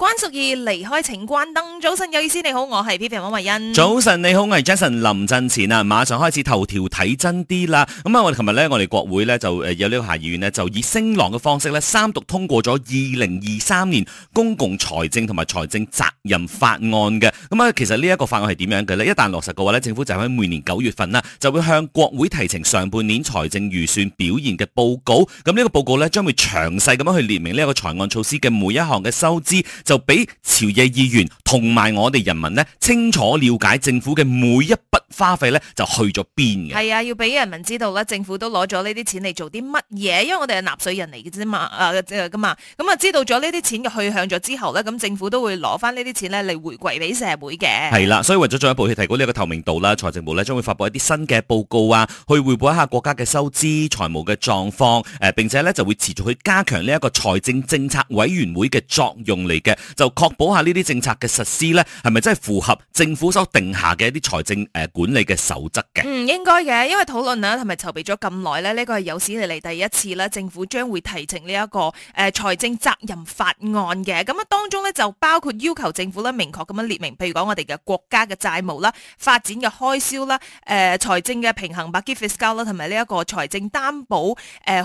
關淑怡離開，請關燈。早晨，有意思。你好，我係 Peter 黃慧欣。早晨，你好，我係 Jason。臨陣前啊，馬上開始頭條睇真啲啦。咁啊，我哋琴日呢，我哋國會呢，就有呢個下議院呢，就以聲浪嘅方式呢，三讀通過咗二零二三年公共財政同埋財政責任法案嘅。咁啊，其實呢一個法案係點樣嘅呢？一旦落實嘅話呢，政府就喺每年九月份啦，就會向國會提呈上半年財政預算表現嘅報告。咁呢個報告呢，將會詳細咁樣去列明呢一個財案措施嘅每一項嘅收支。就俾朝野議員同埋我哋人民呢，清楚了解政府嘅每一筆。花費咧就去咗邊嘅？係啊，要俾人民知道啦。政府都攞咗呢啲錢嚟做啲乜嘢？因為我哋係納稅人嚟嘅啫嘛，嘛、啊，咁啊，啊、嗯、知道咗呢啲錢嘅去向咗之後咧，咁政府都會攞翻呢啲錢咧嚟回饋俾社會嘅。係啦、啊，所以為咗進一步去提高呢個透明度啦，財政部咧將會發布一啲新嘅報告啊，去彙報一下國家嘅收支、財務嘅狀況，呃、並且咧就會持續去加強呢一個財政政策委員會嘅作用嚟嘅，就確保下呢啲政策嘅實施咧係咪真係符合政府所定下嘅一啲財政誒管。呃你嘅守則嘅，嗯，應該嘅，因為討論啦，同埋籌備咗咁耐咧，呢個係有史以嚟第一次啦。政府將會提呈呢一個誒財政責任法案嘅，咁啊當中咧就包括要求政府咧明確咁樣列明，譬如講我哋嘅國家嘅債務啦、發展嘅開銷啦、誒財政嘅平衡 budget fiscal 啦，同埋呢一個財政擔保誒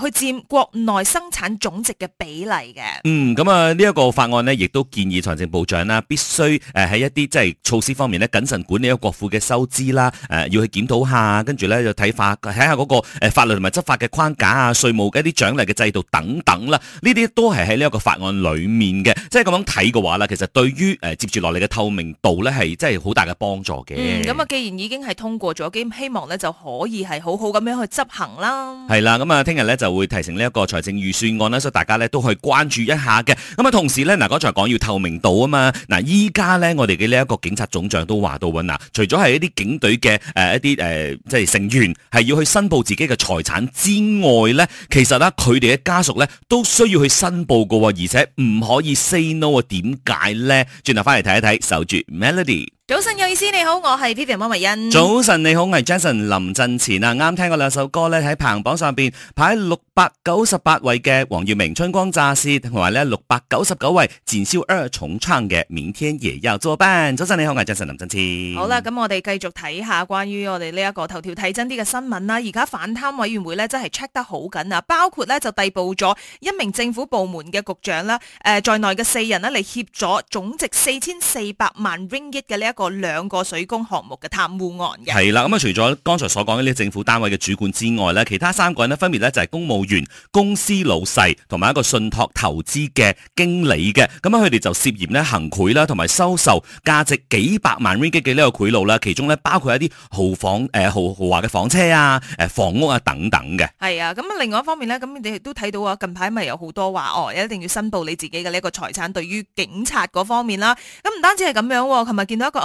去佔國內生產總值嘅比例嘅。嗯，咁啊呢一個法案呢，亦都建議財政部長啦必須誒喺一啲即係措施方面呢，謹慎管理一個國庫嘅收支啦。誒，要去檢討下，跟住咧就睇法，睇下嗰個法律同埋執法嘅框架啊，稅務嘅一啲獎勵嘅制度等等啦，呢啲都係喺呢一個法案裏面嘅，即係咁樣睇嘅話啦，其實對於、呃、接住落嚟嘅透明度咧，係真係好大嘅幫助嘅。咁啊、嗯，既然已經係通過咗，希望咧就可以係好好咁樣去執行啦。係啦，咁、嗯、啊，聽日咧就會提呈呢一個財政預算案啦，所以大家咧都去關注一下嘅。咁、嗯、啊，同時咧嗱，剛才講要透明度啊嘛，嗱，依家咧我哋嘅呢一個警察總長都話到，嗱、呃，除咗係一啲警隊，嘅誒、呃、一啲誒、呃、即係成員，係要去申報自己嘅財產之外呢，其實呢，佢哋嘅家屬呢，都需要去申報嘅喎，而且唔可以 say no 啊？點解呢？轉頭翻嚟睇一睇，守住 Melody。早晨，有意思，你好，我係 Peter 摩蜜欣。早晨，你好，我係 Jason 林振前啊！啱聽過兩首歌咧，喺排行榜上邊排六百九十八位嘅黃耀明《春光乍泄》，同埋咧六百九十九位錢小二重唱嘅《明天也要作伴》。早晨，你好，我係 Jason 林振前。好啦，咁我哋繼續睇下關於我哋呢一個頭條睇真啲嘅新聞啦。而家反貪委員會咧真係 check 得好緊啊，包括咧就逮捕咗一名政府部門嘅局長啦，誒、呃，在內嘅四人呢嚟協助總值四千四百萬 ringgit 嘅呢一。個兩個水工項目嘅貪污案嘅，係啦，咁啊除咗剛才所講嘅呢政府單位嘅主管之外咧，其他三個人呢分別咧就係公務員、公司老細同埋一個信託投資嘅經理嘅，咁啊佢哋就涉嫌咧行賄啦，同埋收受價值幾百萬令吉嘅呢個賄賂啦，其中咧包括一啲豪房誒豪豪華嘅房車啊、誒房屋啊等等嘅。係啊，咁啊另外一方面咧，咁你哋都睇到啊，近排咪有好多話哦，一定要申報你自己嘅呢個財產，對於警察嗰方面啦。咁唔單止係咁樣，琴日見到一個。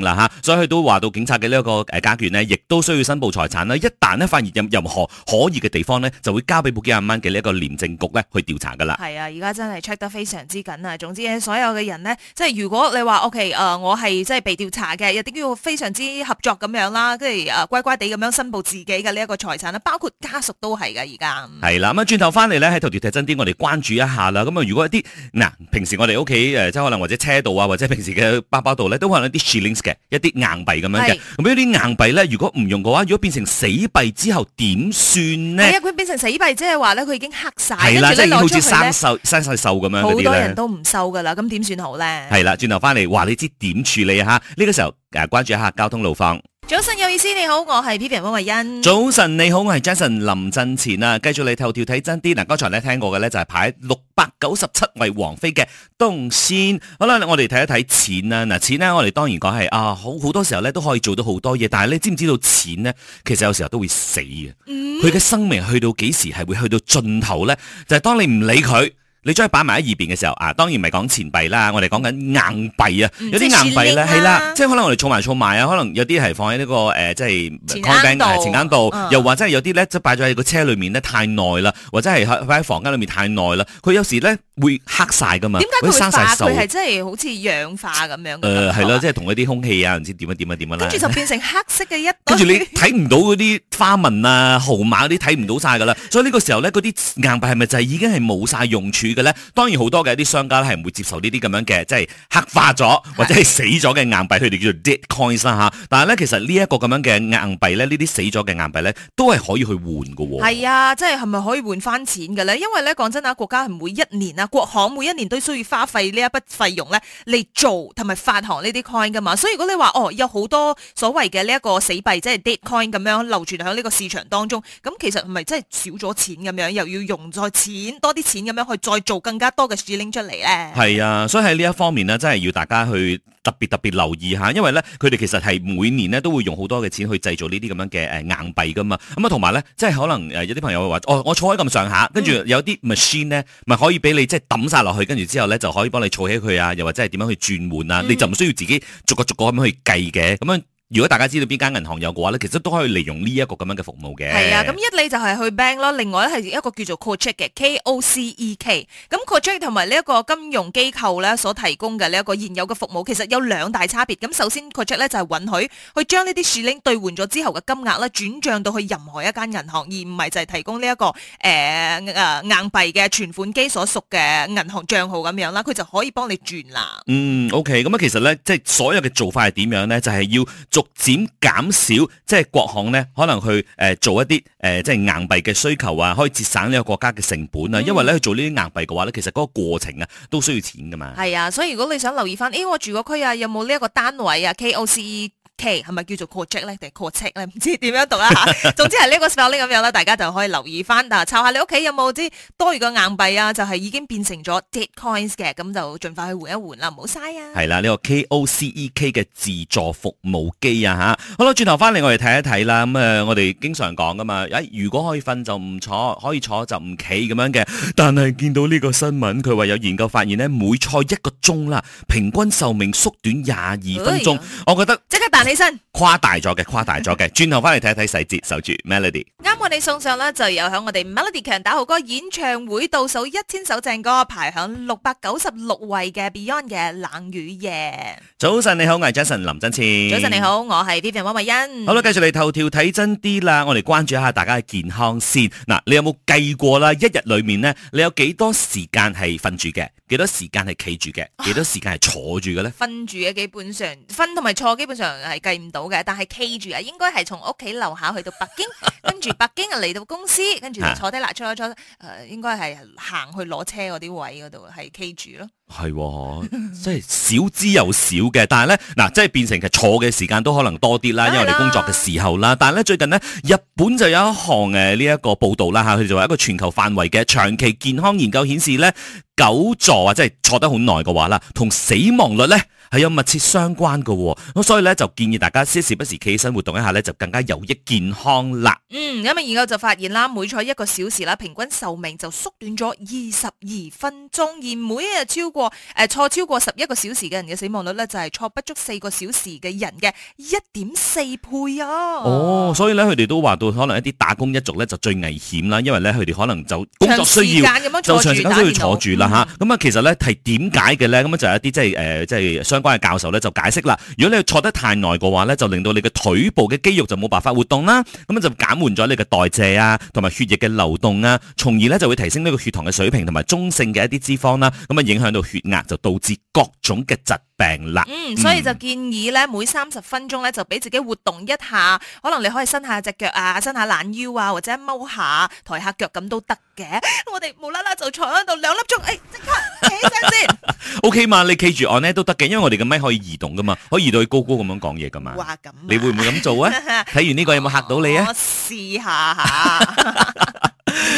啦嚇，所以佢都話到警察嘅呢一個誒階段咧，亦都需要申報財產啦。一旦呢發現有任何可疑嘅地方呢，就會交俾部幾廿蚊嘅呢一個廉政局咧去調查噶啦。係啊，而家真係 check 得非常之緊啊。總之所有嘅人呢，即係如果你話 OK 誒、呃，我係真係被調查嘅，有啲要非常之合作咁樣啦，跟住誒乖乖地咁樣申報自己嘅呢一個財產啦，包括家屬都係噶而家。係啦，咁啊轉頭翻嚟咧喺頭條睇真啲，我哋關注一下啦。咁啊，如果一啲嗱、啊、平時我哋屋企誒，即、呃、可能或者車度啊，或者平時嘅包包度咧，都可能啲一啲硬幣咁樣嘅，咁呢啲硬幣咧，如果唔用嘅話，如果變成死幣之後點算咧？係啊，佢變成死幣，即係話咧，佢已經黑晒，係啦的，即係好似生銹、生晒銹咁樣，好多人都唔收噶啦，咁點算好咧？係啦，轉頭翻嚟，話你知點處理啊？吓，呢個時候誒，關注一下交通路況。早晨有意思，你好，我係 Peter 黃慧欣。早晨你好，我係 Jason 林振前啊，繼續嚟頭條睇真啲。嗱、啊，剛才咧聽過嘅咧就係、是、排六百九十七位王妃嘅東仙。好啦，我哋睇一睇錢啦、啊。嗱、啊，錢咧我哋當然講係啊，好好多時候咧都可以做到好多嘢，但係你知唔知道錢呢？其實有時候都會死嘅。佢嘅、嗯、生命去到幾時係會去到盡頭咧？就係、是、當你唔理佢。你再擺埋喺二邊嘅時候啊，當然唔係講錢幣啦，我哋講緊硬幣啊，有啲硬幣咧係啦，即係可能我哋儲埋儲埋啊，可能有啲係放喺呢、這個誒、呃、即係錢箱度，度、嗯、又或者係有啲咧即係擺咗喺個車裏面咧太耐啦，或者係喺喺房間裏面太耐啦，佢有時咧會黑晒噶嘛，佢生晒銹，係即係好似氧化咁樣、啊。誒係、呃、啦，即係同嗰啲空氣啊唔知點樣點樣點樣啦，跟住就變成黑色嘅一 跟、啊，跟住你睇唔到嗰啲花紋啊號碼啲睇唔到晒噶啦， 所以呢個時候咧嗰啲硬幣係咪就係已經係冇晒用處？嘅咧，當然好多嘅一啲商家咧係唔會接受呢啲咁樣嘅，即係黑化咗或者係死咗嘅硬幣，佢哋叫做 dead coin 啦嚇。但係咧，其實呢一個咁樣嘅硬幣咧，呢啲死咗嘅硬幣咧，都係可以去換嘅喎。係啊，即係係咪可以換翻錢嘅咧？因為咧講真啊，國家係每一年啊，國行每一年都需要花費呢一筆費用咧嚟做同埋發行呢啲 coin 噶嘛。所以如果你話哦，有好多所謂嘅呢一個死幣，即係 dead coin 咁樣流傳喺呢個市場當中，咁其實唔係真係少咗錢咁樣，又要用再錢多啲錢咁樣去再。做更加多嘅事拎出嚟咧，係啊，所以喺呢一方面咧，真係要大家去特別特別留意下，因為咧佢哋其實係每年咧都會用好多嘅錢去製造呢啲咁樣嘅誒硬幣噶嘛，咁啊同埋咧，即係可能誒有啲朋友話哦，我坐喺咁上下，跟住有啲 machine 咧，咪可以俾你即係抌晒落去，跟住之後咧就可以幫你儲起佢啊，又或者係點樣去轉換啊，嗯、你就唔需要自己逐個逐個咁樣去計嘅，咁樣。如果大家知道邊間銀行有嘅話咧，其實都可以利用呢一個咁樣嘅服務嘅。係啊，咁一嚟就係去 bank 咯，另外咧係一個叫做 Kocek 嘅 k o c e k。咁 Kocek 同埋呢一個金融機構咧所提供嘅呢一個現有嘅服務，其實有兩大差別，咁首先 Kocek 咧就係、是、允許去將呢啲樹鈴兌換咗之後嘅金額咧轉賬到去任何一間銀行，而唔係就係提供呢、這、一個誒誒、呃啊、硬幣嘅存款機所屬嘅銀行賬號咁樣啦，佢就可以幫你轉啦。嗯，OK，咁啊，其實咧即係所有嘅做法係點樣咧？就係、是、要做。逐漸減少，即係國行咧，可能去誒、呃、做一啲誒、呃、即係硬幣嘅需求啊，可以節省呢個國家嘅成本啊。嗯、因為咧去做呢啲硬幣嘅話咧，其實嗰個過程啊都需要錢噶嘛。係啊，所以如果你想留意翻，誒、哎、我住嗰區啊，有冇呢一個單位啊 KOC。係咪、okay，叫做 c o j e c 咧定係 cocek 咧？唔知點樣讀啦、啊。 總之係呢個 spell 咁樣啦，大家就可以留意翻啊！摷下你屋企有冇啲多餘嘅硬幣啊？就係、是、已經變成咗 decoins 嘅，咁就盡快去換一換啦，唔好嘥啊！係啦，呢、這個 KOCEK 嘅、e、自助服務機啊吓。好啦，轉頭翻嚟我哋睇一睇啦。咁啊，我哋、嗯、經常講噶嘛，誒，如果可以瞓就唔坐，可以坐就唔企咁樣嘅。但係見到呢個新聞，佢話有研究發現咧，每坐一個鐘啦，平均壽命縮短廿二分鐘，的我覺得即刻起身，誇大咗嘅，誇大咗嘅。轉頭翻嚟睇一睇細節，守住 Melody。啱我哋送上咧，就有響我哋 Melody 強打好歌演唱會倒數一千首正歌，排響六百九十六位嘅 Beyond 嘅《冷雨夜》。早晨你好，我係 Jason 林振千。早晨你好，我係 Vivian 溫慧欣。好啦，繼續嚟頭條睇真啲啦，我哋關注一下大家嘅健康先。嗱，你有冇計過啦？一日裏面呢，你有幾多時間係瞓住嘅？幾多時間係企住嘅？幾唉多時間係坐住嘅咧？瞓住嘅基本上，瞓同埋坐基本上係。計唔到嘅，但係企住啊，應該係從屋企樓下去到北京，跟住 北京啊嚟到公司，跟住就坐低啦是，坐坐坐，誒、呃，應該係行去攞車嗰啲位嗰度，係企住咯。係、哦 啊，即係少之又少嘅，但係咧，嗱，即係變成其實坐嘅時間都可能多啲啦，的因為我哋工作嘅時候啦。但係咧，最近呢，日本就有一項誒呢一個報道啦，吓，佢就話一個全球範圍嘅長期健康研究顯示咧，久坐啊，即係坐得好耐嘅話啦，同死亡率咧。係有密切相關噶，咁所以咧就建議大家時不時企起身活動一下咧，就更加有益健康啦。嗯，咁啊，研究就發現啦，每坐一個小時啦，平均壽命就縮短咗二十二分鐘。而每一日超過誒、呃、坐超過十一個小時嘅人嘅死亡率咧，就係、是、坐不足四個小時嘅人嘅一點四倍啊。哦，所以咧，佢哋都話到可能一啲打工一族咧就最危險啦，因為咧佢哋可能就工作需要長時間咁樣就長時間都要坐住啦吓。咁啊，嗯、其實咧係點解嘅咧？咁就有、是、一啲即係誒、即、呃、係、就是、相。關嘅教授咧就解釋啦，如果你坐得太耐嘅話咧，就令到你嘅腿部嘅肌肉就冇辦法活動啦，咁就減緩咗你嘅代謝啊，同埋血液嘅流動啊，從而咧就會提升呢個血糖嘅水平同埋中性嘅一啲脂肪啦，咁啊影響到血壓，就導致各種嘅疾。病啦，嗯，所以就建議咧，每三十分鐘咧就俾自己活動一下，可能你可以伸下隻腳啊，伸下懶腰啊，或者踎下，抬下腳咁都得嘅。我哋無啦啦就坐喺度兩粒鐘，誒、哎，即刻企起身先。 o、okay, K 嘛，你企住按呢都得嘅，因為我哋嘅咪可以移動噶嘛，可以移到去高高咁樣講嘢噶嘛。哇、啊，咁你會唔會咁做啊？睇 完呢、這個有冇嚇到你啊？我試、哦、下下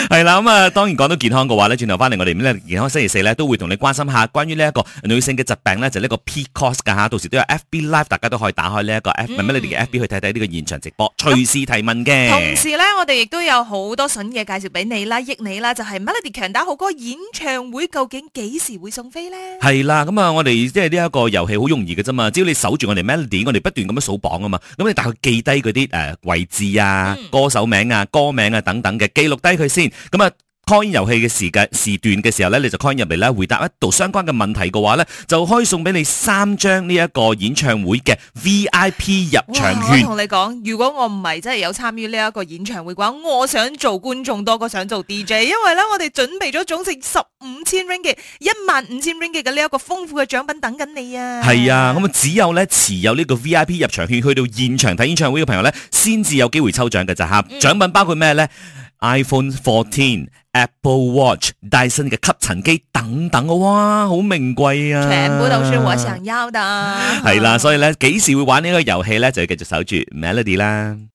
係啦，咁 啊、 嗯，當然講到健康嘅話咧，轉頭翻嚟我哋咧，健康星期四咧都會同你關心下關於呢一個女性嘅疾病咧，就呢、是這個。k cost 噶吓，到時都有 FB Live，大家都可以打開呢一個 app，唔係咩？Melody 嘅 FB 去睇睇呢個現場直播，隨時提問嘅、嗯。同時咧，我哋亦都有多好多筍嘢介紹俾你啦，益你啦，就係、是、Melody 強打好歌演唱會究竟幾時會送飛咧？係啦，咁、嗯、啊，我哋即係呢一個遊戲好容易嘅啫嘛，只要你守住我哋 Melody，我哋不斷咁樣數榜啊嘛，咁你大概記低嗰啲誒位置啊、嗯、歌手名啊、歌名啊等等嘅記錄低佢先，咁、嗯、啊。開遊戲嘅時間時段嘅時,時候咧，你就開入嚟咧，回答一道相關嘅問題嘅話咧，就可以送俾你三張呢一個演唱會嘅 V I P 入場券。哇！我同你講，如果我唔係真係有參與呢一個演唱會嘅話，我想做觀眾多過想做 D J，因為咧我哋準備咗總值十五千 ring 嘅一萬五千 ring 嘅呢一個豐富嘅獎品等緊你啊！係啊，咁啊只有咧持有呢個 V I P 入場券去到現場睇演唱會嘅朋友咧，先至有機會抽獎嘅咋吓？啊嗯、獎品包括咩咧？iPhone 14、Apple Watch、戴森嘅吸塵機等等，哇，好名貴啊！全部都是我想要的。係啦， 所以咧，幾時會玩個遊戲呢個遊戲咧，就要繼續守住 Melody 啦。